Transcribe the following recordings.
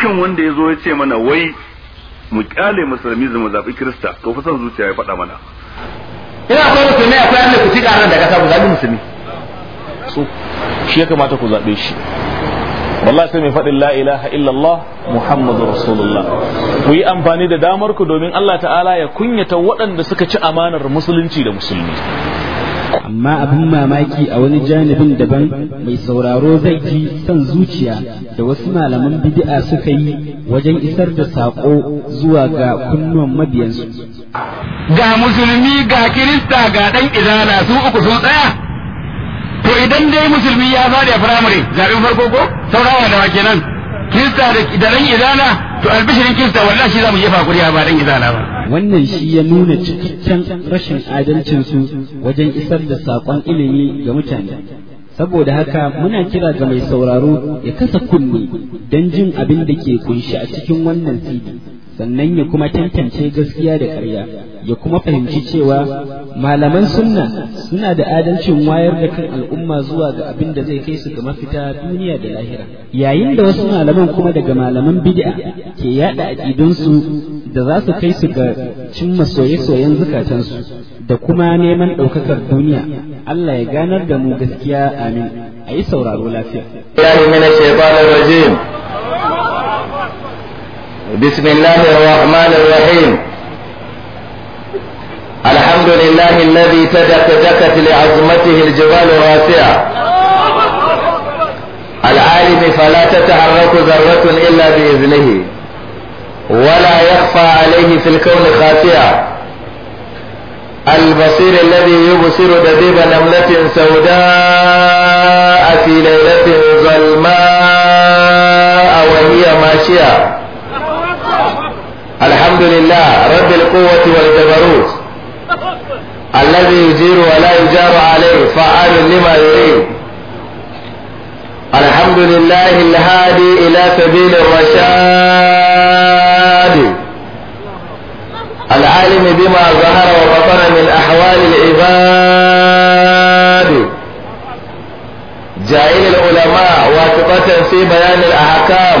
dukkan wanda ya zo ya ce mana wai mu kyale musulmi zama zaɓi kirista to fa san zuciya ya faɗa mana ina akwai musulmi akwai Allah ku ci ƙarar da kasa ku zaɓi musulmi so shi ya kamata ku zaɓe shi wallahi sai mai faɗin la ilaha illallah muhammadu rasulullah ku yi amfani da damar ku domin Allah ta'ala ya kunyata waɗanda suka ci amanar musulunci da musulmi amma abin mamaki a wani janibin daban mai sauraro zai ji son zuciya da wasu malaman bid'a suka yi wajen isar da saƙo zuwa ga kunnuwan mabiyansu ga musulmi ga kirista ga ɗan izala su uku sun tsaya to idan dai musulmi ya fara firamare zaɓin farko ko saurawa da wa kenan kirista da ɗan izala to albishirin kirista wallahi shi za jefa kuriya ba dan izala ba wannan shi ya nuna cikakken rashin adalcin su wajen isar da sakon ilimi ga mutane saboda haka muna kira ga mai sauraro ya kasa kunne don jin abin da ke kunshi a cikin wannan fili sannan ya kuma tantance gaskiya da ƙarya ya kuma fahimci cewa malaman sunna suna da adalcin wayar da kan al'umma zuwa ga abin da zai kai su ga mafita duniya da lahira yayin da wasu malaman kuma daga malaman bid'a ke yada aƙidunsu da za su kai su ga cimma soye-soyen zukatansu da kuma neman ɗaukakar duniya Allah ya ganar da mu gaskiya amin a yi sauraro lafiya. بسم الله الرحمن الرحيم الحمد لله الذي تدكدكت لعظمته الجبال الراسعة العالم فلا تتحرك ذرة إلا بإذنه ولا يخفى عليه في الكون خافية البصير الذي يبصر دبيب نملة سوداء في ليلة ظلماء وهي ماشية الحمد لله رب القوة والجبروت الذي يجير ولا يجار عليه فعال لما يريد الحمد لله الهادي إلى سبيل الرشاد العالم بما ظهر وبطن من أحوال العباد جائل العلماء واثقة في بيان الأحكام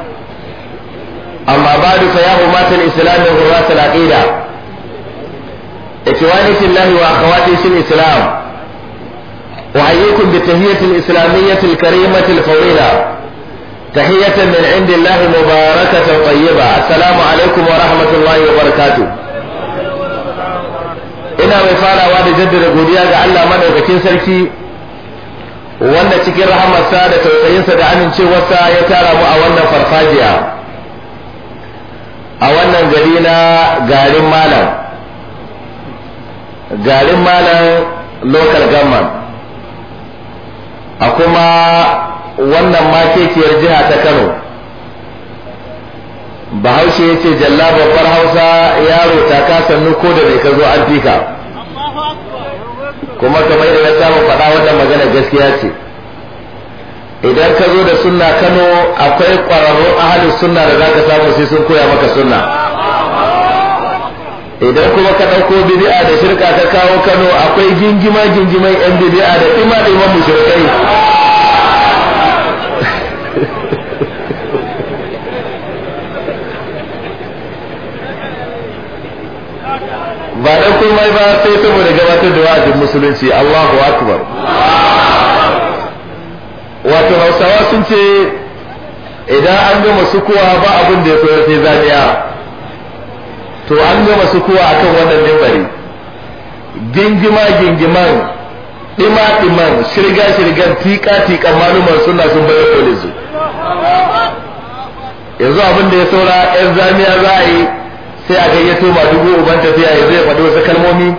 أما بعد فيا أمة الإسلام وغرات العقيدة إخواني في الله وأخواتي في الإسلام أحييكم بالتحية الإسلامية الكريمة الفضيلة تحية من عند الله مباركة طيبة السلام عليكم ورحمة الله وبركاته ina mai farawa da jaddada godiya ga Allah madaukakin sarki wanda cikin rahamarsa da tausayinsa da amincewarsa ya tara mu a wannan farfajiya a wannan gari na garin malam garin malam local government a kuma wannan makekiyar jiha ta kano bahaushe ya ce jalla babbar hausa yaro ta kasannu ko da bai ka zo an fika kuma kamar da ya samu faɗa wannan magana gaskiya ce idan ka zo da sunna kano akwai kwararru ahalin sunna da zaka samu sai sun koya maka sunna idan kuma ka ɗauko bid'a da shirka ka kawo kano akwai gingima gingimai yan bid'a da ima da mushrikai ba ɗan kuma ba sai saboda gabatar da wa'azin musulunci Allahu akbar wato hausawa sun ce idan an gama sukuwa ba abin da ya koyar sai zaniya to an gama sukuwa akan wannan mimbari gingima gingiman dima diman shirga shirgan tika tikan maluman suna sun bayar kolin yanzu abin da ya saura yan zaniya za a yi sai a gayyato ma dubu uban tafiya ya zai faɗi wasu kalmomi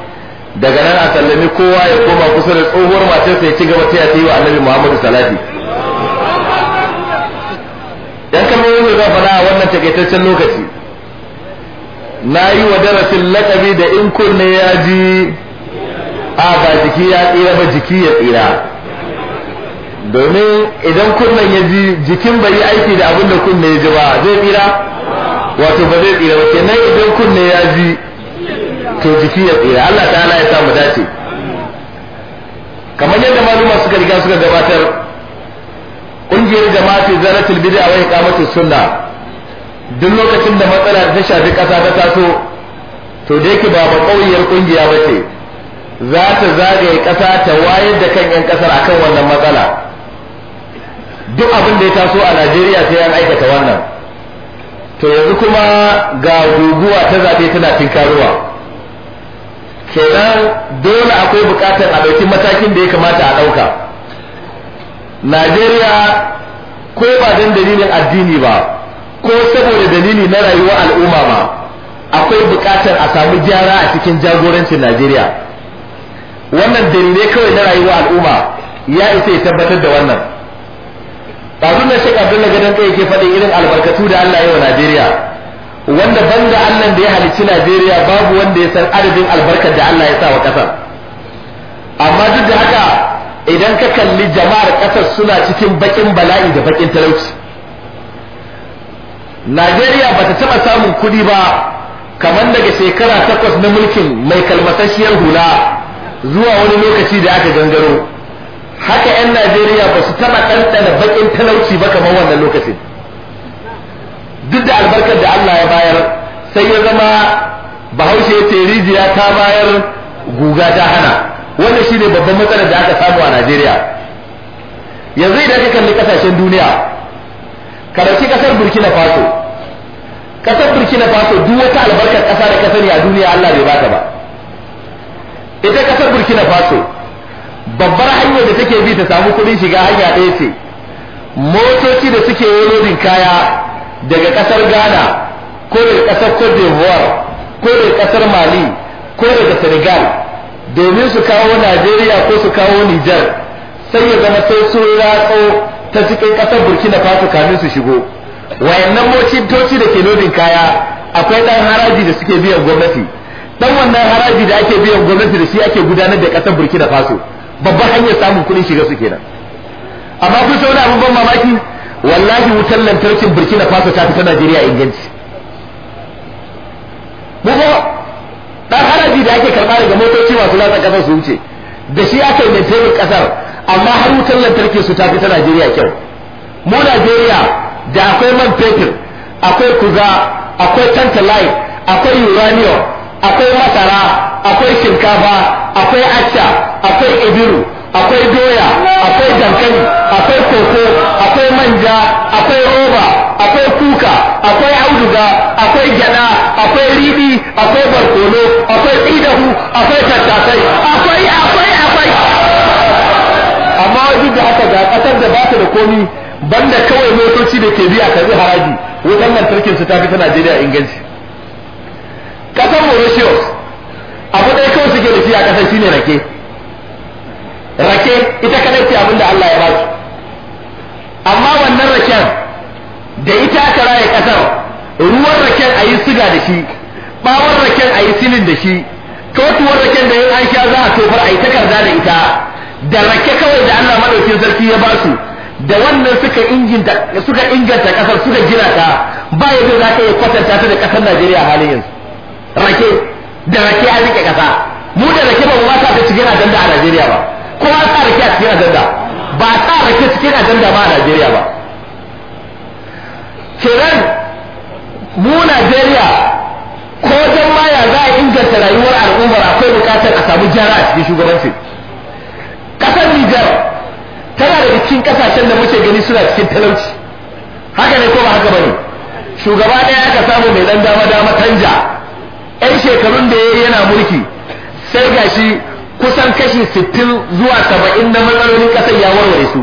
daga nan a sallami kowa ya koma kusa da tsohuwar matarsa ya ci gaba ta yi wa annabi muhammadu salati yan kalmomin da zan faɗa a wannan takaitaccen lokaci na yi wa darasin laƙabi da in kunne ya ji a ba jiki ya tsira ba jiki ya tsira domin idan kunnen ya ji jikin bai yi aiki da abin da kunne ya ji ba zai tsira wato ba zai tsira ba kenan idan kunne ya ji to jiki ya tsira Allah ta'ala ya samu dace kamar yadda maluma suka riga suka gabatar ƙungiyar jama'atul zalatul bid'a wa iqamatus sunna duk lokacin da matsala ta shafi ƙasa ta taso to da yake ba ba ƙauyar ƙungiya ba ce za ta zagaye ƙasa ta wayar da kan 'yan ƙasar akan wannan matsala duk abin da ya taso a Najeriya sai an aikata wannan to yanzu kuma ga guguwa ta zaɓe tana tinkaruwa kenan dole akwai bukatar a ɗauki matakin da ya kamata a ɗauka Najeriya ko ba don dalilin addini ba ko saboda dalili na rayuwar al'umma ba akwai bukatar a samu gyara a cikin jagorancin Najeriya wannan dalilai kawai na rayuwar al'umma ya isa ya tabbatar da wannan ɗazun na shek abdullahi gadon kai ke faɗin irin albarkatu da Allah yau Najeriya wanda banda Allah da ya halicci Najeriya babu wanda ya san adadin albarkar da Allah ya sa wa ƙasar amma duk da haka idan ka kalli jama'ar ƙasar suna cikin baƙin bala'i da baƙin talauci najeriya ba ta taɓa samun kuɗi ba kamar daga shekara takwas na mulkin mai kalmasasshiyar hula zuwa wani lokaci da aka gangaro haka 'yan najeriya ba su taɓa ɗanɗana baƙin talauci ba kamar wannan lokacin duk da albarkar da allah ya bayar sai ya zama bahaushe ya rijiya ta bayar guga ta hana wannan shine babban matsalar da aka samu a Najeriya yanzu idan ka kalli kasashen duniya karanci kasar Burkina Faso kasar Burkina Faso duk wata albarkar kasa da ka a duniya Allah bai bata ba ita kasar Burkina Faso babbar hanyar da take bi ta samu kuɗin shiga hanya ɗaya ce motoci da suke lodin kaya daga kasar Ghana ko daga kasar Cote d'Ivoire ko daga kasar Mali ko daga Senegal domin su kawo Najeriya ko su kawo Nijar sai ya zama sai sun ratso ta cikin kasar Burkina Faso kamin su shigo wayannan toci da ke lodin kaya akwai ɗan haraji da suke biyan gwamnati dan wannan haraji da ake biyan gwamnati da shi ake gudanar da kasar Burkina Faso babban hanyar samun kuɗin shiga su kenan amma kun so wani abin ban mamaki wallahi wutar lantarkin Burkina Faso ta fi Najeriya inganci mu dan haraji da ake karba daga motoci masu latsa kasar su wuce da shi aka yi mai kasar amma har wutar lantarki su tafi ta Najeriya kyau mu Najeriya da akwai man fetur akwai kuza akwai tantalai akwai uranium akwai masara akwai shinkafa akwai acca akwai ibiru akwai doya akwai dankali akwai koko akwai manja akwai roba akwai kuka akwai auduga akwai gyada akwai rib akwai tattakai akwai akwai akwai amma duk da haka ga kasar da ba ta da komi banda kawai motoci da ke biya karbi haraji wutan lantarkin su ta fi ta Najeriya inganci kasar Mauritius abu ɗaya kawai suke da shi a kasar shine rake rake ita kadai ce abin da Allah ya ba amma wannan raken da ita aka raya kasar ruwan raken a yi siga da shi bawon raken a yi silin da shi totuwar raken da yin an sha za a tofar a yi takarda da ita da rake kawai da Allah madaukin sarki ya ba su da wannan suka inganta suka inganta kasar suka gina ta ba yadda za ka iya kwatanta ta da kasar Najeriya halin yanzu rake da rake a rike kasa mu da rake ba mu ba ta cikin ajanda a Najeriya ba kuma ta rake a cikin ajanda ba ta rake cikin ajanda ba a Najeriya ba kiran mu Najeriya ko dan ma ya za a inganta rayuwar al'ummar akwai bukatar a samu jara a cikin shugabanci kasar Nijar tana da cikin kasashen da muke gani suna cikin talauci haka ne ko ba haka bane shugaba ɗaya aka samu mai dan dama dama tanja yan shekarun da yayi yana mulki sai gashi kusan kashi sittin zuwa 70 na matsalolin kasar ya warware su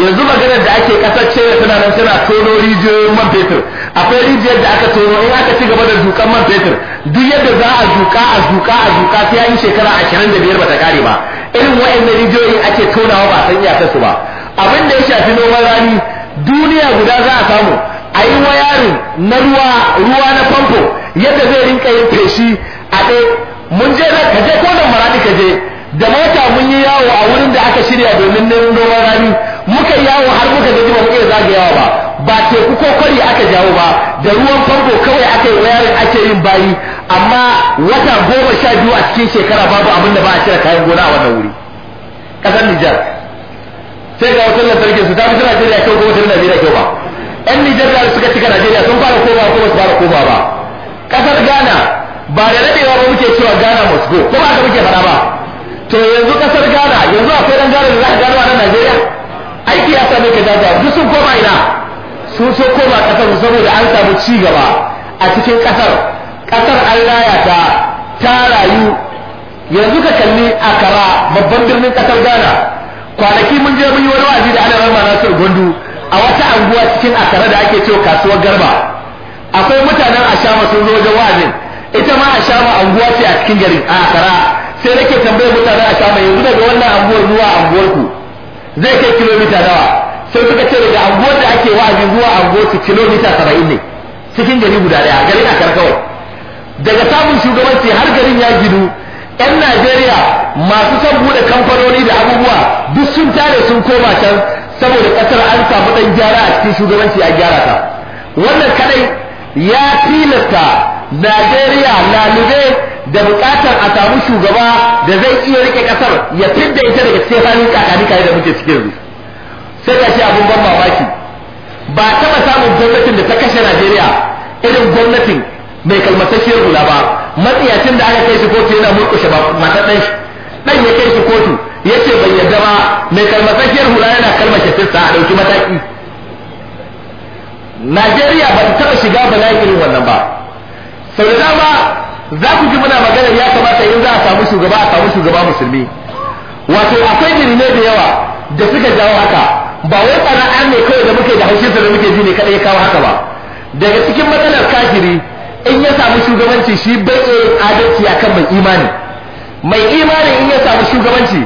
yanzu maganar da ake kasar ce suna nan suna tono rijiyoyin man fetur akwai rijiyar da aka tono in aka ci gaba da dukan man fetur duk yadda za a duka a duka a duka sai an shekara ashirin da biyar ta kare ba irin wa'annan rijiyoyin ake tonawa ba san su ba abin da ya shafi noman rani duniya guda za a samu a yi wa wayarin na ruwa ruwa na famfo yadda zai rinka yin feshi a ɗaya mun je na kaje ko da maradi kaje. da mota mun yi yawo a wurin da aka shirya domin neman noman rani muka yawo har muka gaji ba zage yawo ba ba teku ko kwari aka jawo ba da ruwan famfo kawai aka yi wayarin ake yin bayi amma wata goma sha biyu a cikin shekara babu abin da ba a cire kayan gona a wannan wuri ƙasar Nijar sai ga wutar lantarki su ta fi Najeriya kyau ko wutar Najeriya kyau ba yan Nijar da suka cika Najeriya sun fara koma ko ba su fara koma ba ƙasar Ghana ba da daɗewa ba muke cewa Ghana must go ko ba ka muke faɗa ba to yanzu ƙasar Ghana yanzu akwai ɗan Ghana da za a gano a nan Najeriya aiki ya samu ka jaja duk sun koma ina sun so koma kasar saboda an samu ci gaba a cikin kasar kasar an raya ta ta rayu yanzu ka kalli a kara babban birnin kasar ghana kwanaki mun je mun yi wani wazi da ana rama nasir gondu a wata anguwa cikin akara da ake cewa kasuwar garba akwai mutanen ashama sun zo wajen wazin ita ma ashama anguwa ce a cikin garin a akara sai nake tambayar mutanen ashama yanzu daga wannan anguwar zuwa anguwar ku zai kai kilomita nawa sai suka ce daga anguwar da ake wa'azi zuwa anguwa su kilomita saba'in ne cikin gari guda daya gari na kawai daga samun shugabanci har garin ya gidu yan najeriya masu son bude kamfanoni da abubuwa duk sun tare sun koma can saboda ƙasar an samu ɗan gyara a cikin shugabanci a gyara ta wannan kaɗai ya tilasta Najeriya lalube da bukatar a samu shugaba da zai iya rike kasar ya fidda ita daga cikin halin da muke cikin su sai ka ce abin ban mamaki ba taɓa samun gwamnatin da ta kashe Najeriya irin gwamnatin mai kalmatashiyar hula ba matsiyacin da aka kai shi kotu yana murƙushe matar ɗan shi ɗan ya kai shi kotu ya ce bai yarda ba mai kalmatashiyar hula yana kalmashe sista a ɗauki mataki Najeriya ba ta taɓa shiga bala'i irin wannan ba sau da dama za ku ji muna magana ya kamata in za a samu shugaba a samu shugaba musulmi wato akwai jini ne da yawa da suka jawo haka ba wai sana'a ne kawai da muke da haushin da muke ji ne kada ya kawo haka ba daga cikin matsalar kafiri in ya samu shugabanci shi bai adalci akan mai imani mai imani in ya samu shugabanci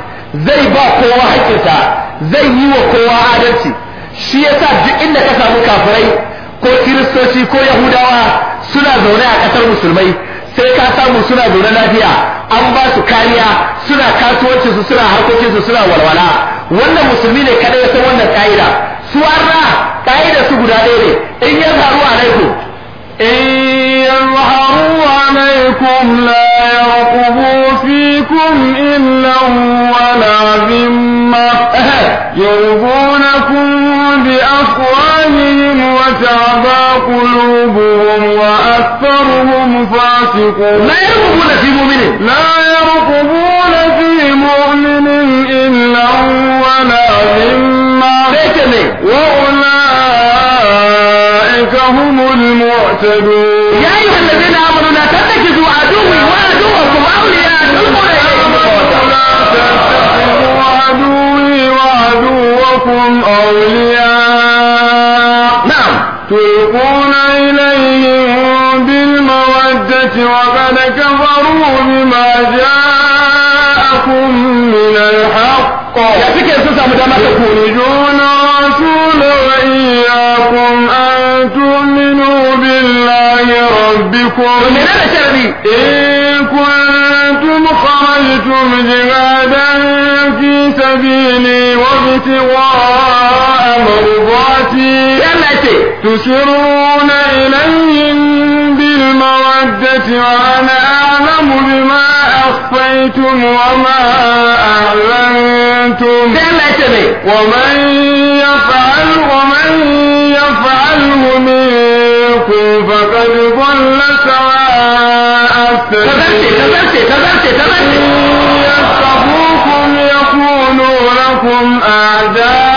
zai ba kowa haƙƙinsa zai yi wa kowa adalci shi yasa duk inda ka samu kafirai ko kiristoci ko yahudawa suna zaune a ƙasar musulmai sai ka samu suna zaune lafiya an ba su kariya suna kasuwancinsu suna harkokinsu suna walwala wannan musulmi ne kada ya san wannan ka'ida su arna ka'ida su guda ɗaya ne in ya faru laiku. in yazharu alaikum la fi illan wala zimma تعبى قلوبهم وأكثرهم فاسقون لا يرقبون في مؤمن لا يرقبون في مؤمن إلا ولا ذمة وأولئك هم المعتدون يا أيها الذين آمنوا لا تتخذوا عدوي وعدوكم أولياء لا إليهم عدوي وعدوكم أولياء الردة وقد كفروا بما جاءكم من الحق يخرجون الرسول وإياكم أن تؤمنوا بالله ربكم إن كنتم خرجتم جهادا في سبيلي وابتغاء مرضاتي تسرون إليه وأنا أعلم بما أخفيتم وما أعلنتم ومن يفعل ومن يفعله منكم فقد ضل سواء السبيل يصطفوكم يكونوا لكم أعداء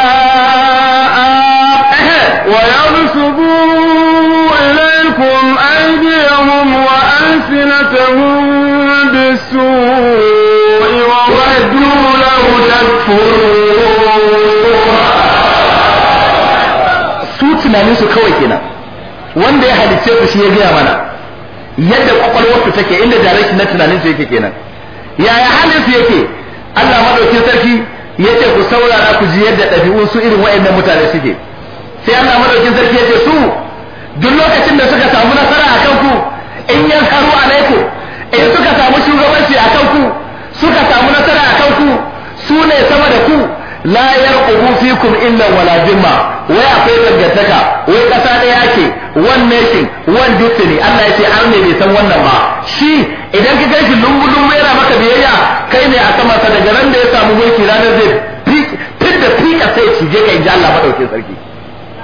لهم بالسوء وودوا لو su tunaninsu kawai kenan wanda ya halicce ku shi ya gaya mana yadda kwakwalwarsu take inda direct na tunaninsu yake kenan yaya halinsu yake Allah madaukin sarki yace ku saurara ku ji yadda ɗabi'un su irin wayannan mutane suke sai Allah madaukin sarki yace su duk lokacin da suka samu nasara a ku in yankaru alaikum suka samu nasara kan ku su ne sama da ku la yarqubu fikum illa wala dimma wai akwai dangantaka wai kasa ɗaya ke one nation one destiny Allah ya ce an ne bai san wannan ba shi idan ka kai shi lungu lungu yana maka biyayya kai ne a sama sa daga ran da ya samu mulki ranar zai fit da fika sai shi je kai Allah madaukin sarki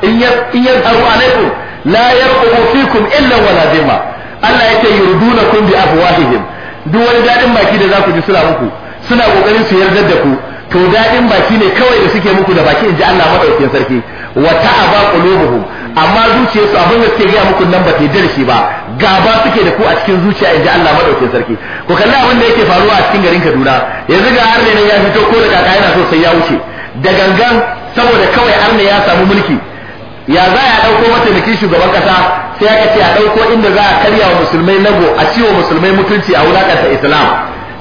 in ya in ya taru alaikum la yarqubu fikum illa wala dimma Allah yake ce yurdunakum bi afwahihim duk wani daɗin baki da za ku ji suna muku suna kokarin su yarda da ku to daɗin baki ne kawai da suke muku da baki in ji Allah madaukakin sarki wa ta'aba qulubuhum amma zuciyarsu abin da suke gaya muku nan ba ta darshi ba gaba suke da ku a cikin zuciya in ji Allah madaukakin sarki Ku kalli abin da yake faruwa a cikin garin Kaduna yanzu ga har ne nan ya fito ko da kaka yana so sai ya wuce da gangan saboda kawai har ne ya samu mulki ya za a ɗauko mataimakin shugaban ƙasa sai aka ce a ɗauko inda za a karya wa musulmai nago a ciwo musulmai mutunci a wulakanta islam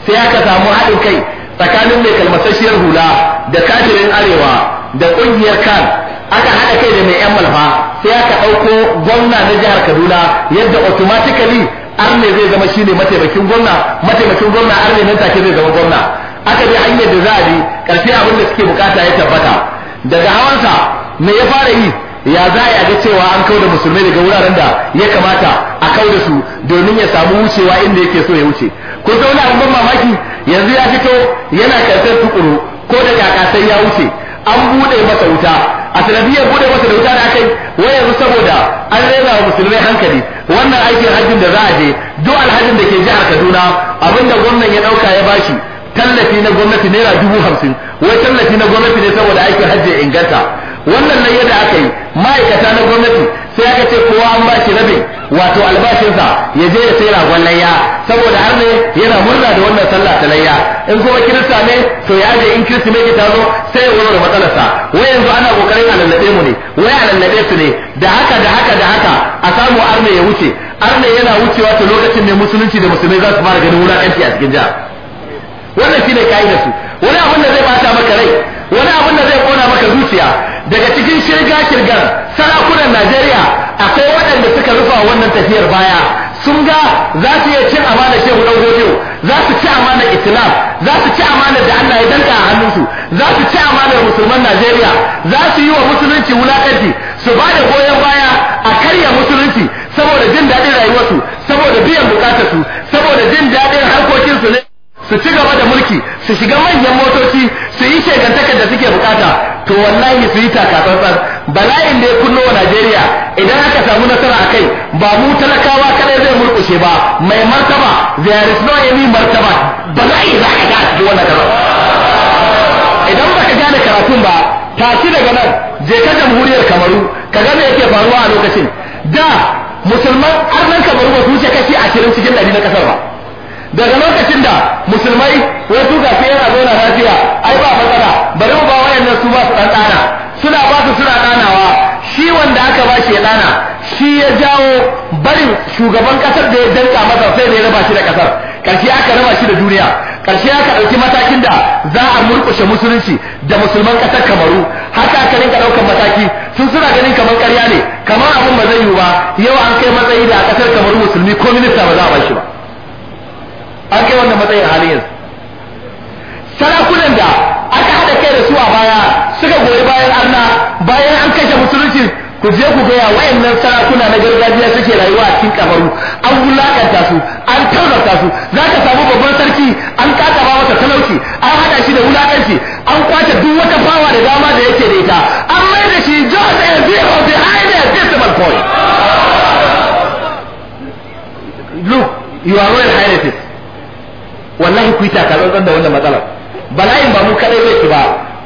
sai aka samu haɗin kai tsakanin mai kalmasasshiyar hula da kafirin arewa da ƙungiyar kan aka haɗa kai da mai yan malfa sai aka ɗauko gwamna na jihar kaduna yadda automatically arne zai zama shine mataimakin gwamna mataimakin gwamna arne nan take zai zama gwamna aka bi hanyar da za a bi ƙarfi abin da suke bukata ya tabbata daga hawansa me ya fara yi ya za a ga cewa an kau da musulmai daga wuraren da ya kamata a kau da su domin ya samu wucewa inda yake so ya wuce ko ta wani abin mamaki yanzu ya fito yana karsar tukuru ko da kakasai ya wuce an bude masa wuta a sanadiyar bude masa da wuta da aka yi wai yanzu saboda an rera wa musulmai hankali wannan aikin hajjin da za a je duk alhajin da ke jihar kaduna abinda gwamnan ya dauka ya bashi tallafi na gwamnati naira dubu hamsin wai tallafi na gwamnati ne saboda aikin hajji inganta wannan nan yadda aka yi ma'aikata na gwamnati sai aka ce kowa an ba shi rabin wato albashinsa ya je ya sai ragon layya saboda har ne yana murna da wannan sallah ta layya in kuma kirista ne to ya je in mai ta zo sai ya warware matsalarsa wai yanzu ana kokarin a lallabe mu ne wai a lallabe su ne da haka da haka da haka a samu arne ya wuce arne yana wucewa ta lokacin ne musulunci da musulmai za su fara ganin wulakanci a cikin jiha wannan shine kaidar su wani abin da zai bata maka rai wani abin da zai zuciya daga cikin shirga shirgar sarakunan Najeriya akwai waɗanda suka rufa wannan tafiyar baya sun ga za su iya cin amana shehu ɗan godiyo za su ci amana islam za su ci amana da Allah ya danka a hannunsu za su ci amana musulman Najeriya za su yi wa musulunci wulakanci su ba da goyon baya a karya musulunci saboda jin daɗin rayuwarsu saboda biyan bukatarsu saboda jin daɗin harkokinsu ne su ci gaba da mulki su shiga manyan motoci su yi shegantakar da suke bukata to wallahi su yi takatsantsan bala'in da ya kunno wa Najeriya idan aka samu nasara a kai ba mu talakawa kaɗai zai murkushe ba mai martaba there is no any martaba bala'i za ka ga a cikin wannan karo idan baka gane karatun ba tashi daga nan je ka jamhuriyar Kamaru ka ga me yake faruwa a lokacin da musulman nan Kamaru ba su wuce kashi ashirin cikin 100 na kasar ba daga lokacin da musulmai wasu ga sai yana zauna shugaban kasar da ya danka masa sai da ya raba shi da kasar karshe aka raba shi da duniya karshe aka dauki matakin da za a murkushe musulunci da musulman kasar kamaru haka aka rinka daukan mataki sun suna ganin kamar karya ne kamar abin ba zai yiwu ba yau an kai matsayi da a kasar kamaru musulmi ko minista ba za a bashi ba an kai wannan matsayin halin yanzu sarakunan da aka haɗa kai da su a baya suka goyi bayan arna bayan an kashe musulunci ku je ku gaya wayannan sarakuna na gargajiya suke rayuwa a cikin kabaru an wulakanta su an tarbarta su za ka samu babban sarki an ba masa talauci an hada shi da wulakanci an kwace duk wata fawa da dama da yake da ita an mai da shi just a zero behind a decimal point look you are royal highness wallahi ku yi takarar da wannan matsalar bala'in ba mu kadai bai ba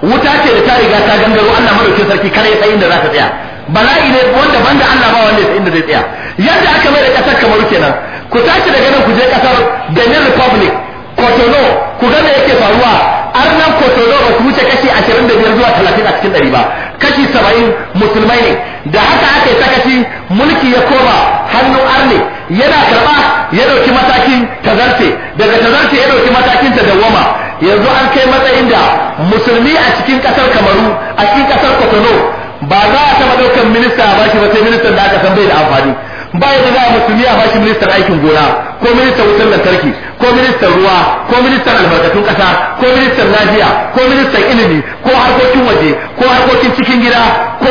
wuta ce da ta riga ta gangaro Allah madaukin sarki kare tsayin da za ta tsaya bala'i ne wanda da Allah ba wanda inda zai tsaya yadda aka mai da kasar kamar kenan ku tashi daga nan ku je kasar Benin Republic Kotono ku ga me yake faruwa arnan Kotono ba su wuce kashi 25 zuwa 30 a cikin ɗari ba kashi 70 musulmai ne da haka aka yi sakaci mulki ya koma hannu arne yana karɓa ya dauki matakin tazarce daga tazarce ya dauki matakin tadawwama yanzu an kai matsayin da musulmi a cikin kasar Kamaru a cikin kasar Kotono ba za a taɓa ɗaukar minista a bashi ba sai ministan da aka san bai da amfani ba yadda za a musulmi a bashi ministan aikin gona ko ministan wutar lantarki ko ministan ruwa ko ministan albarkatun ƙasa ko ministan lafiya ko ministan ilimi ko harkokin waje ko harkokin cikin gida ko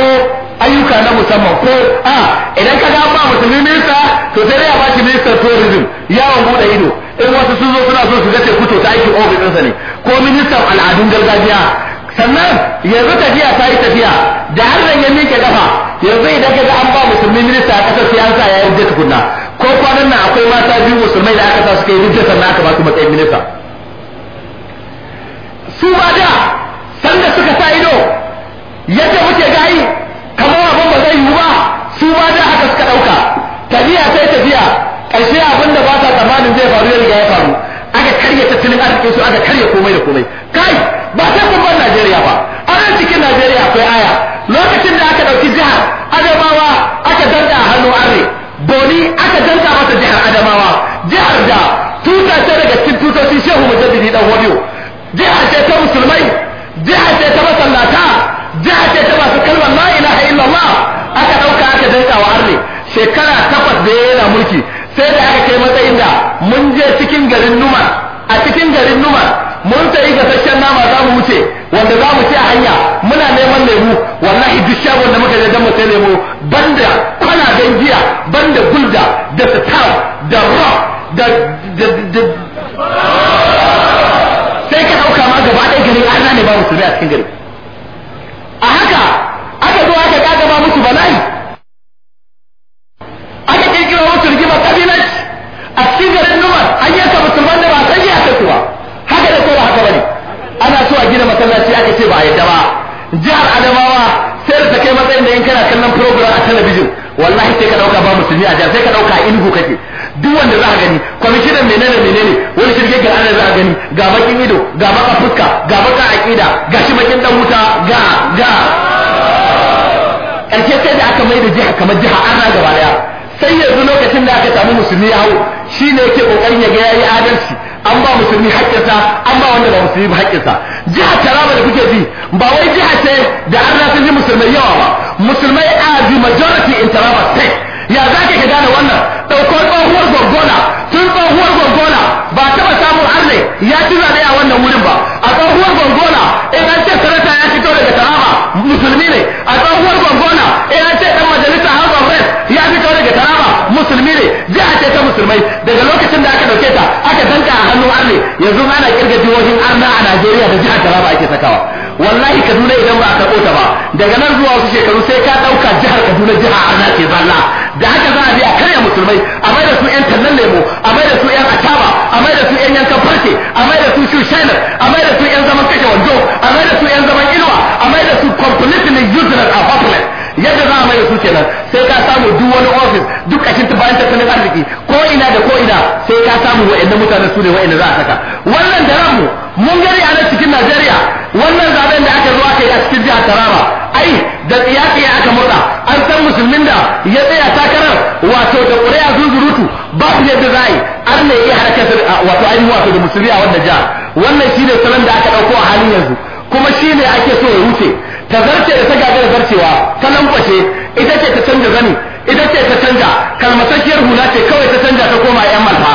ayyuka na musamman ko a idan ka ga ba musulmi minista to sai dai a bashi ministan tourism yawon bude ido in wasu sun zo suna so su ga teku to ta aikin ofis ne ko ministan al'adun gargajiya sannan yanzu tafiya ta yi tafiya da har nan ya miƙe ƙafa, yanzu idan ka ga an ba musulmi minista a ƙasar siyasa ya yarda tukunna ko kwanan nan akwai mata biyu musulmai da aka sa suka yi rijiyar sannan aka ba su matsayin minista su ba da sanda suka sa ido yadda muke gayi kamar abin ba zai yiwu ba su ba da haka suka ɗauka tafiya sai tafiya ƙarshe abin da ba sa tsammanin zai faru ya riga ya faru aka karya tattalin arzikin su aka karya komai da komai kai ba sai kun bar Najeriya ba a cikin Najeriya akwai aya lokacin da aka ɗauki jihar adamawa aka danta a hannu arre boni aka danta masa jihar adamawa jihar da tuta ce daga cikin tutocin shehu mujaddidi dan hodiyo jihar ce ta musulmai jihar ce ta masallata jihar ce ta masu kalmar la ilaha illallah aka ɗauka aka danta wa arne shekara takwas da ya yana mulki sai da aka kai matsayin da mun je cikin garin numa a cikin garin numa mun sayi gasasshen nama za mu wuce wanda za mu ci a hanya muna neman lemu wallahi duk shagon da muka je dan mu sai lemu banda kwana giya banda gulda da sitar da rock da sai ka dauka ma gaba ɗaya garin arna ne ba musulmi a cikin gari a haka aka zo aka kaga ba musu bala'i masallaci aka ce ba a yadda ba jihar adamawa sai da ta kai matsayin da in kana kallon program a talabijin wallahi sai ka dauka ba musulmi a jihar sai ka dauka inugu kake duk wanda za a gani kwamishinan menene menene wani shirke ga ana za a gani ga bakin ido ga baka fuska ga baka akida ga shi bakin dan wuta ga ga karshe sai da aka mai da jiha kamar jiha ana gaba daya sai yanzu lokacin da aka samu musulmi ya hau shi ne yake kokarin ya ga yayi adalci an ba musulmi haƙƙinsa an ba wanda ba musulmi ba haƙƙinsa jihar taraba da kuke ji ba wai jiha ce da an sun ji musulmai yawa ba musulmai a the majority in taraba state ya za ka gane wannan ɗauko tsohuwar gongona tun tsohuwar gongona ba taɓa samun arne ya ci zaɓe a wannan wurin ba a tsohuwar gwaggona in an ce sarauta ya fito daga taraba musulmi ne a tsohuwar gwaggona in an ce ɗan majalisa yanzu ana kirga jihohin arna a Najeriya da jihar Taraba ake sakawa wallahi Kaduna idan ba a karɓo ta ba daga nan zuwa wasu shekaru sai ka ɗauka jihar Kaduna jiha arna ce zalla da haka za a bi a karya musulmai a mai da su yan tallan lemo a mai da su yan ataba a mai da su yan yankan farce a mai da su shushainar a mai da su yan zaman kashe wando a mai da su yan zaman inuwa a mai da su completely useless a hopeless yadda za a mai su kenan sai ka samu duk wani ofis duk a cikin bayan tattalin arziki ko ina da ko ina sai ka samu wa'annan mutane su ne wa'anda za a saka wannan da mu mun gani a nan cikin Najeriya wannan zaben da aka zo aka yi a cikin jihar Taraba ai da tsiyatsiya aka murda an san musulmin da ya tsaya takarar wato da ƙuri'a zuzurutu ba su yadda za a yi an ne ya harkar wato ainihin wato da musulmi a wannan jihar wannan shine salon da aka ɗauko a halin yanzu kuma shi ne ake so ya wuce ta zarce da ta da zarcewa ta lambace ita ce ta canza zani ita ce ta canza kalmasakiyar hula ce kawai ta canza ta koma yan malfa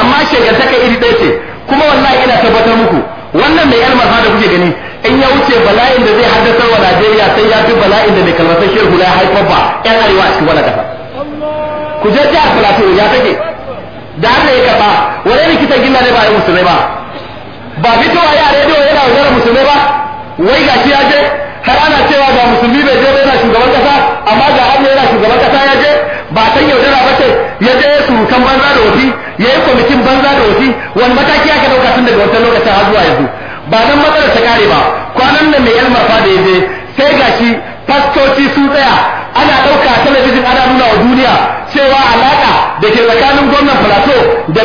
amma ta kai iri ɗaya ce kuma wallahi ina tabbatar muku wannan mai yan malfa da kuke gani in ya wuce bala'in da zai haddasa wa Najeriya sai ya fi bala'in da mai kalmasakiyar hula ya haifar ba yan arewa a cikin wani ƙasa ku je jihar Plateau ya take da haka ya karɓa wani rikitan gilla ne ba ya musulmai ba ba fitowa ya rediyo yana wajen musulmai ba wai gashi ya je har ana cewa ga musulmi bai je ba yana shugaban kasa amma ga abu yana shugaban kasa ya je ba san yaudara ba ce ya je ya surutan banza da wasi ya yi kwamitin banza da wasi wani mataki aka dauka tun daga wancan lokacin har zuwa yanzu ba nan matsalar ta kare ba kwanan nan mai yalmar fa da ya je sai gashi fastoci su tsaya ana ɗauka a talabijin ana nuna wa duniya cewa alaƙa da ke tsakanin gwamnan plateau da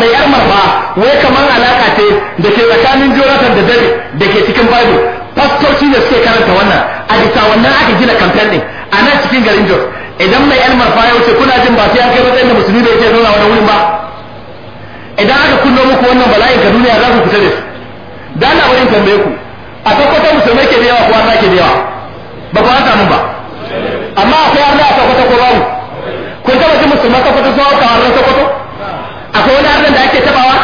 mai yar marfa wai kamar alaƙa ce da ke tsakanin jonathan da dare da ke cikin bible fastoci da suke karanta wannan a bisa wannan aka gina kamfen ɗin a nan cikin garin jos idan mai yar marfa ya wuce kuna jin ba sai an kai matsayin da musulmi da yake zauna wani wurin ba idan aka kunno muku wannan bala'in ka duniya za ku fita da su da ana wurin tambaye ku a tabbatar musulmai ke da yawa ko arna ke da yawa ba ku an samu ba amma a akwai arna a sokoto ko babu kun taba ji musulman sakwato sun hau kawarin sakwato akwai wani arnan da ake tabawa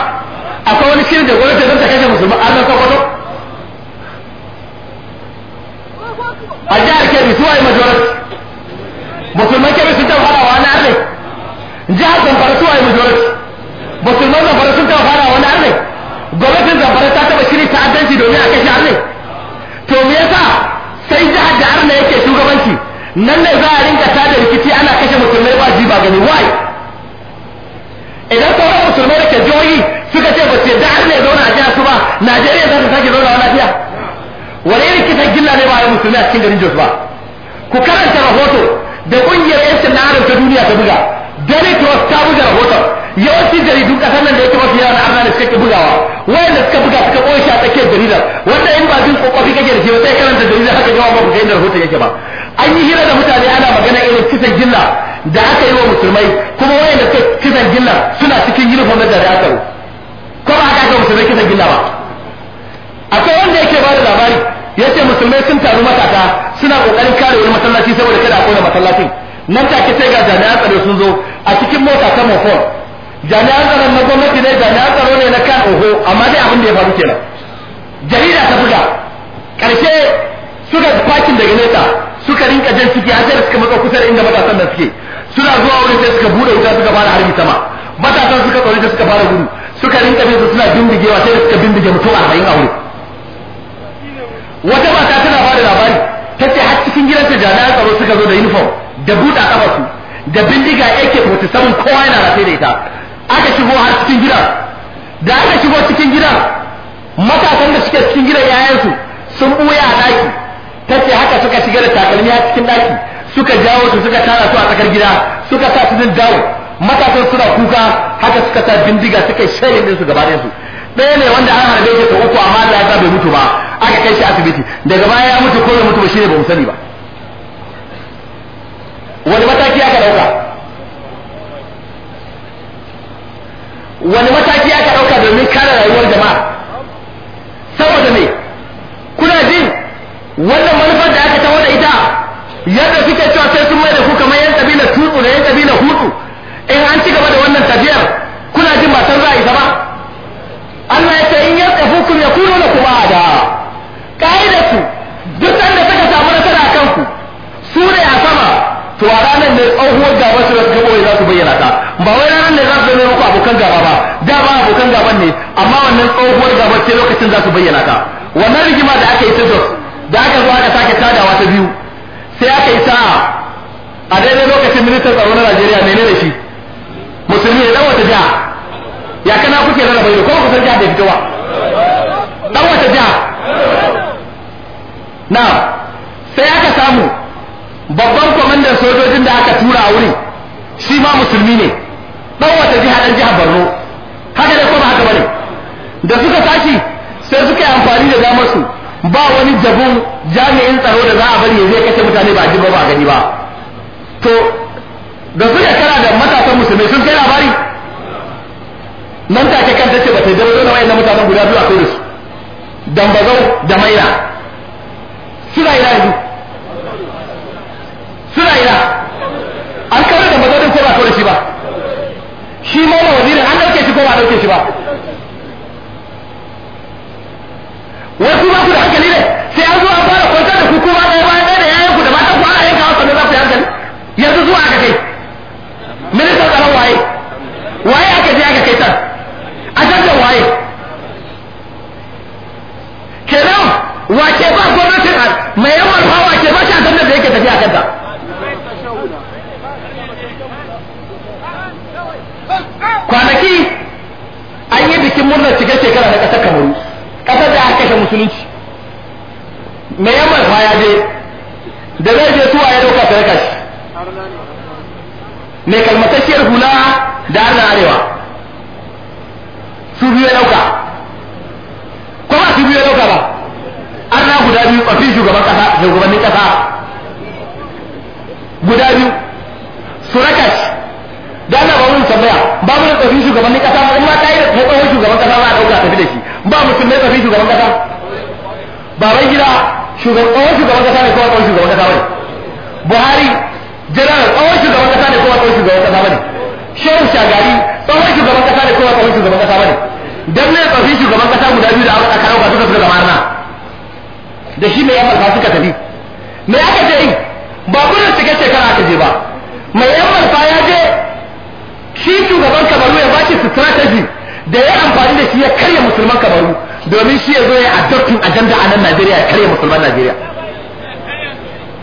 akwai wani shirin da gwamnati ta ta kashe musulman arnan sakwato a jihar kebbi su yi majority musulman kebbi sun taba fara wani arne jihar zamfara su yi majority musulman zamfara sun taba fara wani arne gwamnatin zamfara ta taba shiri ta'addanci domin a kashe arne to me yasa sai jihar da arna yake nan ne za a rinka da rikici ana kashe musulmai ba ji ba gani why idan sauran musulmai da ke jihohi suka ce ba ce da an ne zauna a jihar su ba najeriya za ta sake zauna lafiya wani irin kisa gilla ne ba a yi musulmai a cikin garin jos ba ku karanta rahoto da ƙungiyar yancin na ta duniya ta buga daily trust ta buga rahoto yawancin jaridu kasar nan da yake mafi yawan arna da suke bugawa da suka buga suka ɓoye shi a tsakiyar jaridar wanda in ba jin kokofi kake da shi ba sai karanta jaridar haka yawan ba ku ga inda rahoton yake ba an yi hira da mutane ana magana irin kisan gilla da aka yi wa musulmai kuma wayanda suka kisan gilla suna cikin uniform na jari'a tsaro ko ba aka musulmai kisan gilla ba akwai wanda yake ba da labari ya ce musulmai sun taru matasa suna kokarin kare wani masallaci saboda kada a kona masallacin nan take sai ga jami'an tsaro sun zo a cikin mota ta mofon jami'an tsaron na gwamnati ne jami'an tsaro ne na kan oho amma dai abin da ya faru kenan jarida ta buga karshe suka fakin daga nesa suka rinka jan ciki a sai suka matsa kusa da inda matasan da suke suna zuwa wurin sai suka bude wuta suka fara harbi sama matasan suka tsori da suka fara gudu suka rinka bin suna bindigewa sai da suka bindige mutum arba'in a aure. wata mata tana bada labari ta ce har cikin gidanta jami'an tsaro suka zo da uniform da buɗa kafa su da bindiga yake mutu samun kowa yana rafe da ita aka shigo har cikin gidan da aka shigo cikin gidan matasan da suke cikin gidan yayansu sun buya a ɗaki ta ce haka suka shiga da takalmi a cikin daki suka jawo su suka tara su a tsakar gida suka sa su din dawo matasan suna kuka haka suka sa bindiga suka share din su gaba ɗayan su ɗaya ne wanda an harbe shi ta uku amma da ya bai mutu ba aka kai shi asibiti daga baya ya mutu ko bai mutu ba shine ba mu sani ba wani mataki aka ɗauka wani mataki aka ɗauka domin kare rayuwar jama'a saboda me kuna jin wannan su bayyana ta ba wai ranar ne za su zama ku abokan gaba ba da ba abokan gaban ne amma wannan tsohuwar gaba ce lokacin za su bayyana ta wannan rigima da aka yi ta jos da aka zo aka sake tadawa ta biyu sai aka yi sa'a a daidai lokacin ministan tsaro na Najeriya ne ne da shi musulmi ne dan wata jiha ya kana kuke rarraba ko ku san jiha da ba da wata jiha na sai aka samu babban kwamandan sojojin da aka tura a wurin shi ma musulmi ne dan wata jiha dan jihar barno. haka ne ko ba haka bane da suka tashi sai suka yi amfani da damar su ba wani jabun jami'in tsaro da za a bari zai kashe mutane ba ji ba ba gani ba to da suka kara da matasan musulmi sun kai labari nan ta ke kan tace ba ta da wannan yadda mutanen guda biyu a akwai su dambazau da maila suna ila yanzu suna ila an kare shi ma da wazirin an dauke shi ko ba dauke shi ba wasu ba su da hankali ne sai an zo an fara kwantar da hukuma kuma ɗaya bayan ɗaya da yayan ku da matan ku ana yanka wasu ne za ku yi hankali yanzu zuwa aka kai ministan tsaron waye waye aka je aka kai tan a jantar waye kenan wace ba gwamnatin mai yawan hawa ke ba shi a da yake tafiya kanta kwanaki an yi bikin murnar cike shekara na ƙasar kamaru ƙasar da aka kashe musulunci mai yamma fa ya je da zai je suwa ya dauka sadaka shi mai kalmatashiyar hula da arna arewa su biyu ya dauka kuma su biyu ya dauka ba arna guda biyu kwafi shugaban kasa shugabannin kasa guda biyu su rakashi da ana ba mun tambaya ba mu da tsafin shugabannin kasa in ta yi da tsohon shugaban kasa ba a dauka tafi da shi ba mutum ne tsafin shugaban kasa ba baban gida shugaban tsohon shugaban kasa ne ko tsohon shugaban kasa bane Buhari jiran tsohon shugaban kasa ne ko tsohon shugaban kasa bane Shehu Shagari tsohon shugaban kasa ne ko tsohon shugaban kasa bane dan ne tsafin shugaban kasa guda biyu da aka kawo ba suka fita da marna da shi mai yamal ba suka tafi me aka ce in ba gudun cike shekara aka je ba mai yamal da ya amfani da shi ya karya musulman kamaru domin shi ya zo ya adoptin ajanda a nan Najeriya ya karya musulman Najeriya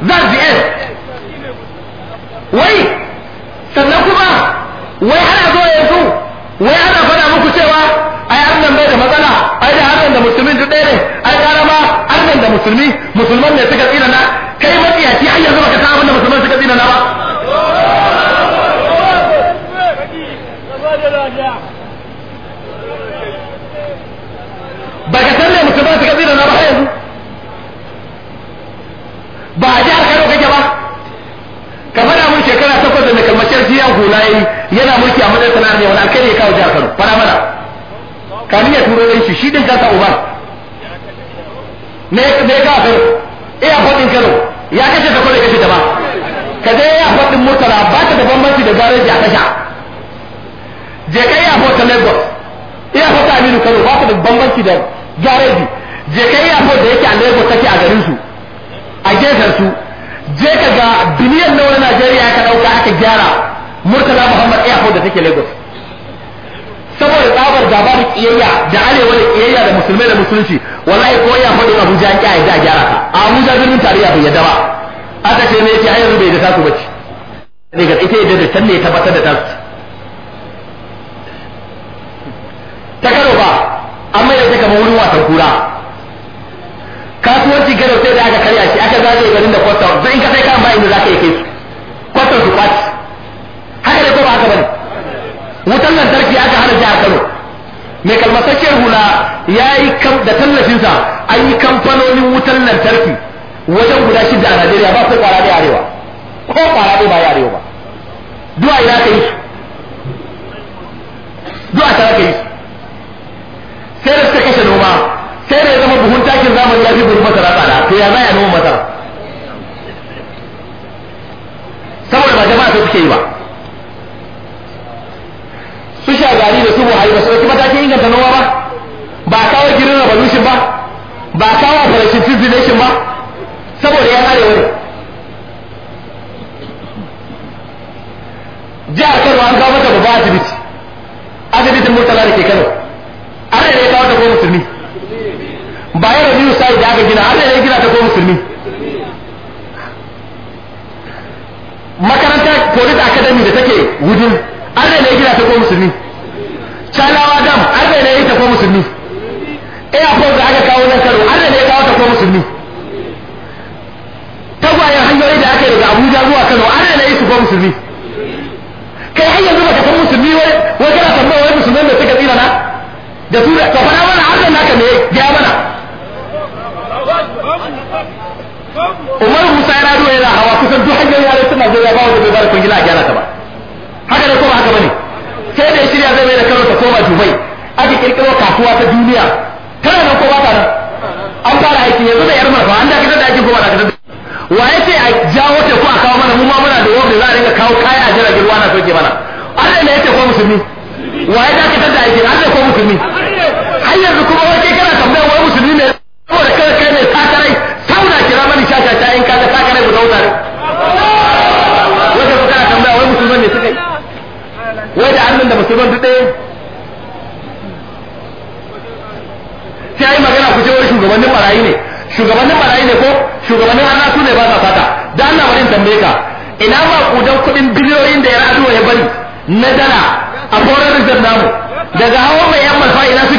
Za the end wai sannan kuma wai ana zo yanzu wai ana faɗa muku cewa ai annan bai da matsala ai da annan da musulmi duk ɗaya ne ai karama annan da musulmi musulman ne suka tsira na kai matsiyaci hanyar yanzu ba ka san me mutum ba su gazi da na ba yanzu ba a jihar karo kake ba ka fada mun shekara takwas da mai kalmacin jiya hula yi yana mulki a matsayin sana'ar ne wani alkhairi ya kawo jihar karo fara mana kamin ya turo shi shi din kasa uba me me ka Kano a faɗin Kano ya kace ta kore kace ta ba ka je ya faɗin murtala ba ta da bambanci da gareji a kasha je kai ya faɗin Lagos iya faɗa Aminu Kano ba ta da bambanci da gareji je ka yi airport da yake a lagos take a garin su a gefen su je ka ga biliyan na na najeriya ka dauka aka gyara murtala muhammad airport da take lagos saboda tsabar gaba da kiyayya da arewa da kiyayya da musulmai da musulunci wallahi ko ya faɗi abuja ya yi da gyara ka a abuja birnin tarayya bai yadda ba aka ce me yake yanzu bai da tasu bace ne ga ita yadda da can ne tabbatar da tasu ta karo ba an mai da ta wurin wasan kura kasuwanci gado sai da aka karya shi aka zagaye garin da kwastam zai in ka sai kan bayan da za ka yi kai su su kwaci haka da ko ba haka bane wutan lantarki aka hana jihar kano mai kalmasasshen hula ya yi da tallafinsa an yi kamfanonin wutan lantarki wajen guda shida a najeriya ba ko kwara da arewa ko kwara da ba ya arewa ba duwa ina ka yi su duwa ta ka yi su sai da suka kashe noma sai da ya zama buhun takin zamani ya fi buhun masara tsada to ya zaya ya noma masara saboda ba jama'a sai suke yi ba su sha gari da su buhari ba su ɗauki matakin inganta noma ba ba kawo girin revolution ba ba kawo operation civilization ba saboda ya arewa wani jihar kano an kawo mata babu asibiti asibitin murtala da ke kano ana ne kawo ta ko musulmi ba ya rabiu sai da aka gina ana ne gina ta ko musulmi makaranta police academy da take wudin ana ne gina ta ko musulmi chalawa dam ana ne ta ko musulmi airport da aka kawo nan karo ana ne kawo ta ko musulmi tagwayen hanyoyi da aka yi daga abuja zuwa kano ana ne su ko musulmi kai har yanzu baka san musulmi wai wai kana da su da fara mana harshen naka ne ya mana Umar Musa ya rado yana hawa kusan duk hanyar yare suna zo ya ba wanda bai bada kwangila a gyara ta ba haka da kuma haka bane sai da ya shirya zai mai da karo ta koma Dubai aka kirkiro kasuwa ta duniya tana nan ko ba ta nan an fara aiki yanzu da yar marfa an dakatar da aikin ko ba dakatar da wa ya ce a jawo ta ko a kawo mana mu ma muna da wanda za a dinga kawo kaya a jiragen ruwa na soke mana Allah ne yake ko musulmi wa ya dakatar da aikin Allah ko musulmi har yanzu kuma wace kana tambaya wai musulmi ne saboda kada kai ne sakarai sauna kira mani shata ta in ka ta sakarai ku zauta ne wace ku kana tambaya wai musulman ne suka yi wai da annan da musulman duk ɗaya sai ai magana ku ce wai shugabannin barayi ne shugabannin barayi ne ko shugabannin Allah su ne ba sa fata da Allah bari tambaye ka ina ma kudan kuɗin biliyoyin da ya raduwa ya bari na dala a foreign reserve namu daga hawan mai yan malfa ina su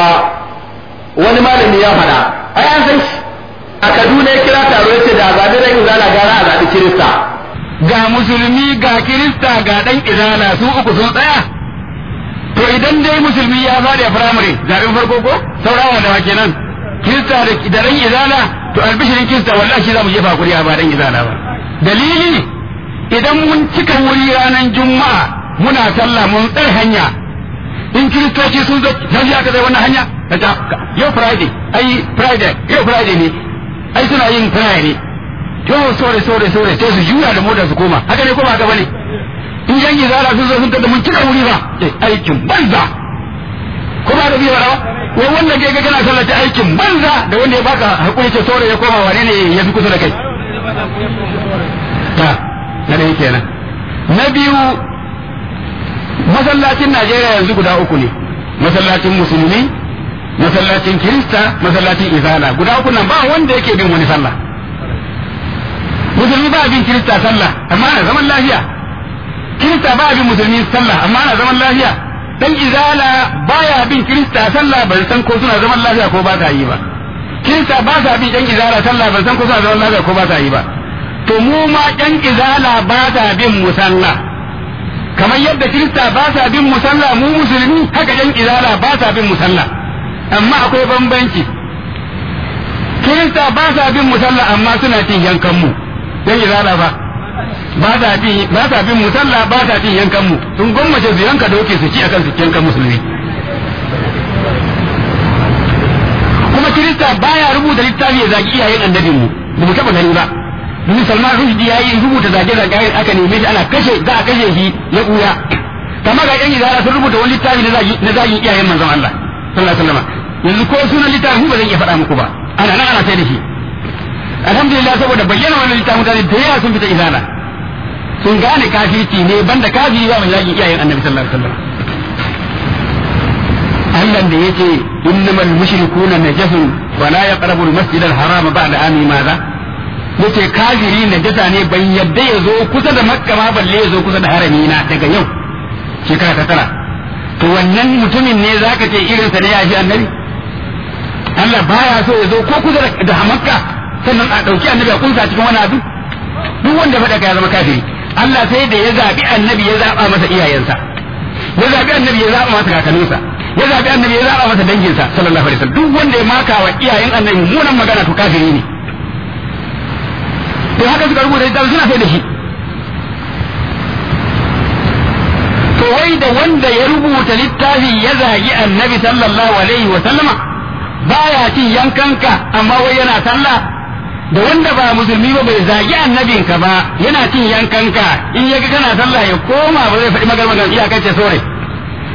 cewa wani malami ya faɗa ai an san shi a Kaduna ya kira taro yace da zabi dan izala gara a zabi Kirista ga musulmi ga Kirista ga dan izala su uku sun tsaya to idan dai musulmi ya faɗi a firamare zaɓen farko ko saurawa da wake nan Kirista da dan izala to albishirin Kirista wallahi shi za mu jefa kuriya ba dan izala ba dalili idan mun cika wuri ranar juma'a muna sallah mun tsar hanya in kiristoci sun zo na ji aka zai wannan hanya na ta yau friday ai friday yau friday ne ai suna yin friday ne to sore sore sore sai su jura da motar su koma haka ne koma haka bane in yanki zara sun zo sun tada mun kira wuri ba aikin banza ko ba da biyu ba wai wanda ke ga kana sallata aikin banza da wanda ya baka hakuri ce sore ya koma wane ne ya fi kusa da kai ta na kenan na biyu masallacin Najeriya yanzu guda uku ne masallacin musulmi masallacin kirista masallacin izala guda uku nan ba wanda yake bin wani sallah musulmi ba bin kirista sallah amma na zaman lafiya kirista ba bin musulmi sallah amma na zaman lafiya dan izala baya bin kirista sallah ban san ko suna zaman lafiya ko ba ta yi ba kirista ba sa bin dan izala sallah ban san ko suna zaman lafiya ko ba ta yi ba to mu ma dan izala ba ta bin musalla kamar yadda kirista ba sa bin musalla mu musulmi haka jan izala ba sa bin musalla amma akwai bambanci kirista ba sa bin musalla amma suna cin yankan mu jan izala ba ba sa bin ba sa bin musalla ba sa cin yankan mu sun gwammace su yanka doke su ci akan su yankan musulmi kuma kirista baya rubuta littafi ya zagi iyayen annabin mu ba mu taba gani ba domin salman rushdi ya yi rubuta zage-zage aka neme shi ana kashe za a kashe shi ya ɓuya kamar ga yan izara sun rubuta wani littafi na zagin iyayen manzon Allah sallallahu alaihi wasallam yanzu ko sunan littafi ba zan iya faɗa muku ba ana nan ana sai da shi alhamdulillah saboda bayyana wannan littafi da da yawa sun fita izara sun gane kafirci ne banda kafiri ba mai zagin iyayen annabi sallallahu alaihi wasallam Allah da yake innamal mushrikuna najasun wa la yaqrabu al-masjid al-haram ba'da ami da. yace kafiri najasa ne ban yadda ya zo kusa da makka ma balle ya zo kusa da harami na daga yau shekara ta tara to wannan mutumin ne zaka ce irin sa ne ya shi annabi Allah baya so ya zo ko kusa da makka sannan a dauki annabi a kunsa cikin wani abu duk wanda faɗa ya zama kafiri Allah sai da ya zabi annabi ya zaba masa iyayensa ya zabi annabi ya zaba masa kakanninsa ya zabi annabi ya zaba masa danginsa sallallahu alaihi wasallam duk wanda ya maka wa iyayen annabi munan magana to kafiri ne to haka suka rubuta littafi suna sai da shi to wai da wanda ya rubuta littafi ya zagi annabi sallallahu alaihi wa sallama baya cin yankanka amma wai yana sallah da wanda ba musulmi ba bai zagi annabin ka ba yana cin yankanka in yaga kana sallah ya koma ba zai faɗi magarmagar iyakar ce sore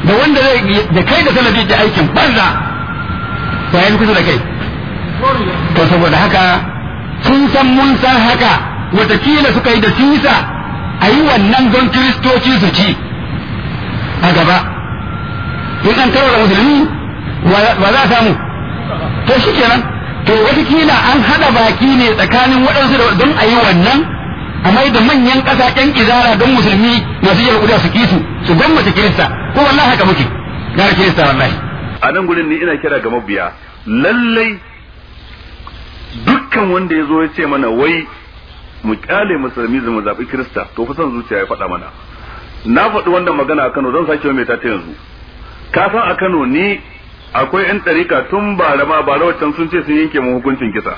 da wanda zai da kai da sallah da aikin banza to ya kusa da kai to saboda haka sun san mun san haka watakila suka yi da sisa a yi wannan don kiristoci su ci a gaba in an da musulmi ba za a samu to shi kenan to watakila an hada baki ne tsakanin waɗansu don a yi wannan mai da manyan ƙasashen izara don musulmi masu yi kuda su kisu su gwamnati kirista ko wallahi haka muke gara kirista wallahi a nan gurin ni ina kira ga mabiya lallai dukkan wanda ya zo ya ce mana wai mu kyale musulmi mu zaɓi kirista to fi son zuciya ya faɗa mana na faɗi wanda magana a Kano zan sake mai ta yanzu ka san a Kano ni akwai yan ɗarika tun rama ba can sun ce sun yanke mu hukuncin kisa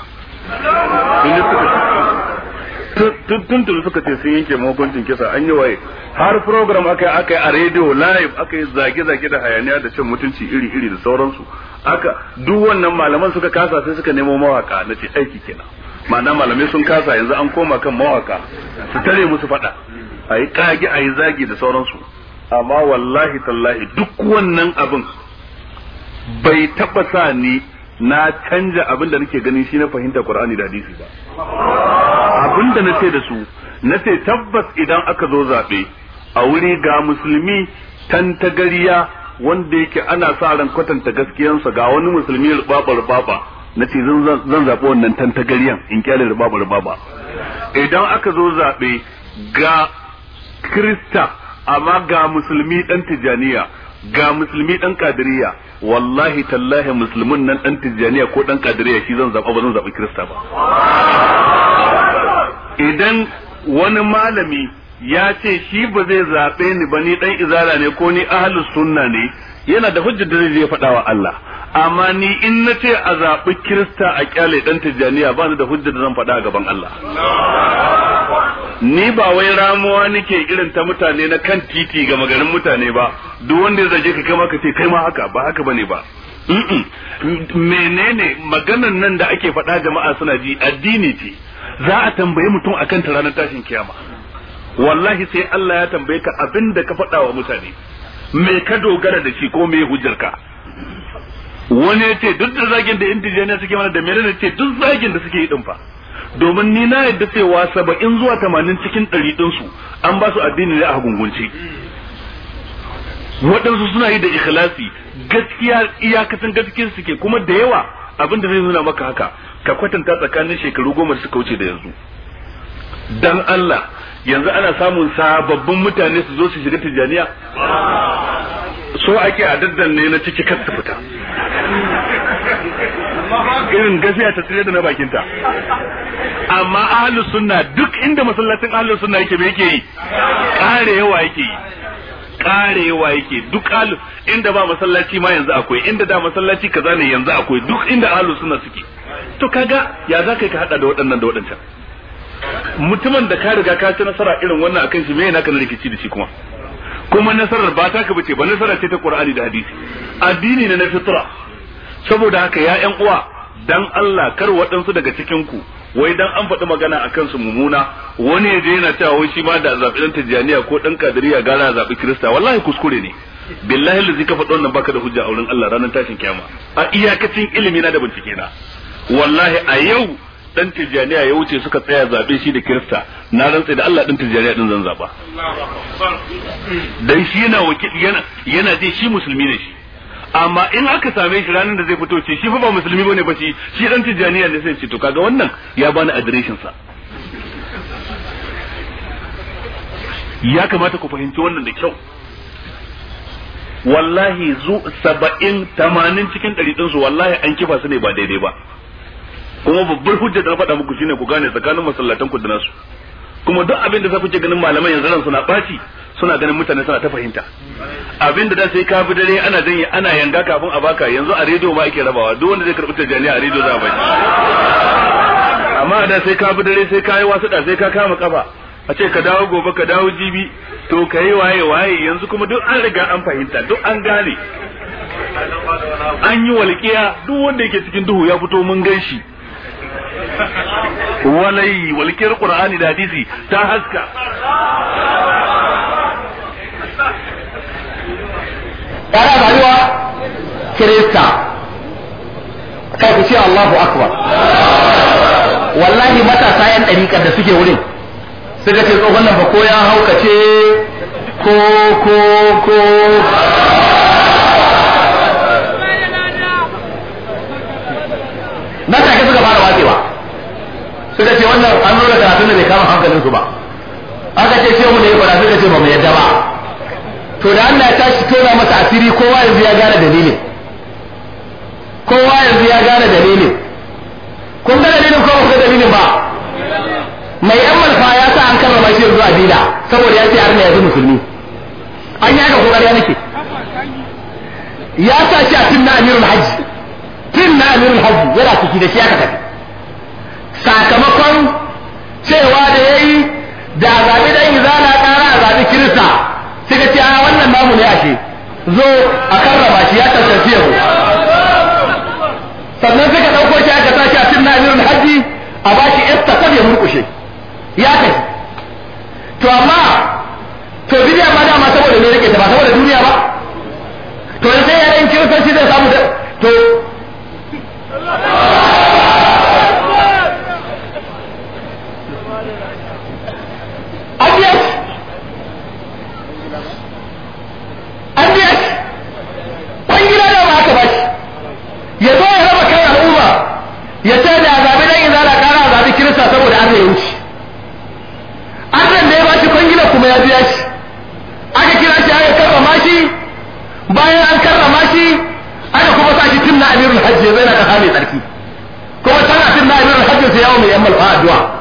tuntun suka ce sun yanke mahukuncin kisa an yi waye har program aka yi aka yi a radio live aka yi zage-zage da hayaniya da cin mutunci iri-iri da sauransu aka duk wannan malaman suka kasa sai suka nemo mawaka na ce aiki kenan ma'ana malamai sun kasa yanzu an koma kan mawaka su tare musu faɗa a yi kage a yi zage da sauransu amma wallahi tallahi duk wannan abin bai taɓa sa ni na canja abin da nake ganin shi na fahimta Qur'ani da hadisi ba abinda na ce da su na ce tabbas idan aka zo zaɓe a wuri ga musulmi tantagariya wanda yake ana sa ran kwatanta gaskiyansa ga wani musulmi rubaba rubaba na ce zan zaɓi wannan tantagariyan in kyale rubaba rubaba idan aka zo zaɓe ga krista amma ga musulmi ɗan tijaniya ga musulmi ɗan kadiriya wallahi tallahi musulmin nan ɗan tijaniya ko ɗan kadiriya shi zan zaɓa ba zan zaɓi krista ba idan wani malami ya ce shi ba zai zaɓe ni ba ni dan izara ne ko ni ahalus sunna ne yana da hujjar da zai je faɗa wa Allah amma ni in na ce a zaɓi kirista a kyale ɗan tijjaniya ba ni da hujjar da zan faɗa a gaban Allah ni ba wai ramuwa nake irin ta mutane na kan titi ga maganin mutane ba duk wanda ya zage ka kai ma ka ce kai ma haka ba haka bane ba menene maganan nan da ake faɗa jama'a suna ji addini ce za a tambaye mutum akan ta ranar tashin kiyama wallahi sai Allah ya tambaye ka abin da ka faɗa wa mutane me ka dogara da shi ko me hujjarka wani ya ce duk da zagin da indijiyaniya suke mana da menene ce duk zagin da suke yi din fa domin ni na yadda cewa saba'in zuwa tamanin cikin ɗari ɗinsu an ba su addini ne a hagungunci. waɗansu suna yi da ikhlasi gaskiya iyakacin gaskiyar suke kuma da yawa abin da zai nuna maka haka ka kwatanta tsakanin shekaru goma da suka wuce da yanzu dan Allah yanzu ana samun sababbin mutane su zo su shiga tijaniya so ake a ne na ciki kar ta fita irin gaziya ta tsire da na bakinta amma ahlus sunna duk inda masallacin ahlus sunna yake yake yi kare yawa yake yi kare yawa yake duk ahlus inda ba masallaci ma yanzu akwai inda da masallaci kaza ne yanzu akwai duk inda ahlus sunna suke to kaga ya za ka hada da waɗannan da waɗancan mutumin da ka riga ka ci nasara irin wannan akan shi me yana kana rikici da shi kuma kuma nasarar ba ta ka bace ba nasara ce ta Qur'ani da hadisi addini ne na fitra saboda haka ya ƴan uwa dan Allah kar waɗansu daga cikin ku wai dan an faɗi magana akan su mummuna wani ya je yana cewa wai shi ma da zabi dan tijaniya ko ɗan kadiriya gara zabi kirista wallahi kuskure ne billahi lazi ka faɗi wannan baka da hujja a wurin Allah ranar tashin kiyama a iyakacin ilimi na da bincike na wallahi a yau dan tijjaniya ya wuce suka tsaya zabe shi da kirista na rantsa da Allah dan tijjaniya din zan zaba dan shi yana wakil yana yana je shi musulmi ne shi amma in aka same shi ranar da zai fito ce shi fa ba musulmi bane ba shi shi dan tijjaniya ne sai ce to kaga wannan ya bani adireshin sa ya kamata ku fahimci wannan da kyau wallahi zu saba'in tamanin cikin din su wallahi an kifa su ne ba daidai ba kuma babbar hujja da na faɗa muku shine ku gane tsakanin masallatan ku da nasu kuma duk abin da za ku ce ganin malaman yanzu nan suna ɓaci suna ganin mutane suna ta fahimta abin da sai ka bi dare ana danyi ana yanga kafin a baka yanzu a rediyo ma ake rabawa duk wanda zai karɓi tajaniya a rediyo za a bai amma da sai ka bi dare sai ka yi wasu da sai ka kama kafa a ce ka dawo gobe ka dawo jibi to ka yi waye waye yanzu kuma duk an riga an fahimta duk an gane an yi walƙiya duk wanda yake cikin duhu ya fito mun gan shi walai walƙiyar qur'ani da hadisi ta haska kana rayuwa kirista kai ku ce Allahu akbar wallahi matasa yan dariƙar da suke wurin suka ce tsohon nan ba ko ya haukace ko ko ko na sauran an nuna karatun da bai kama hankalin su ba aka ce ce mu da ya fara suka ce ba mu yadda ba to da Allah ya tashi tona masa asiri kowa yanzu ya gane dalilin kowa yanzu ya gane dalilin kun ga dalilin ko ga dalilin ba mai yan malfa ya sa an karrama shi yanzu a dila saboda ya ce har ne yanzu musulmi an yi haka kokari nake ya sa shi a tun na amirul hajji tun na amirul hajji yana ciki da shi aka tafi sakamakon cewa da ya yi da zabi yi zana kara a zabi kirista suka ce a wannan mamu ne ake zo a karraba shi ya tantance yau sannan suka ɗauko shi aka tashi a cikin na'irin haji a bashi esta kar ya murkushe ya kai to amma to bidiya ma dama saboda me rike ta ba saboda duniya ba to sai kirista kiristanci zai samu to karrama shi bayan an karrama shi aka kuma sa shi tim na amirul hajji bai na kasa mai tsarki kuma tana tim na amirul hajji sai yawo mai yammal addu'a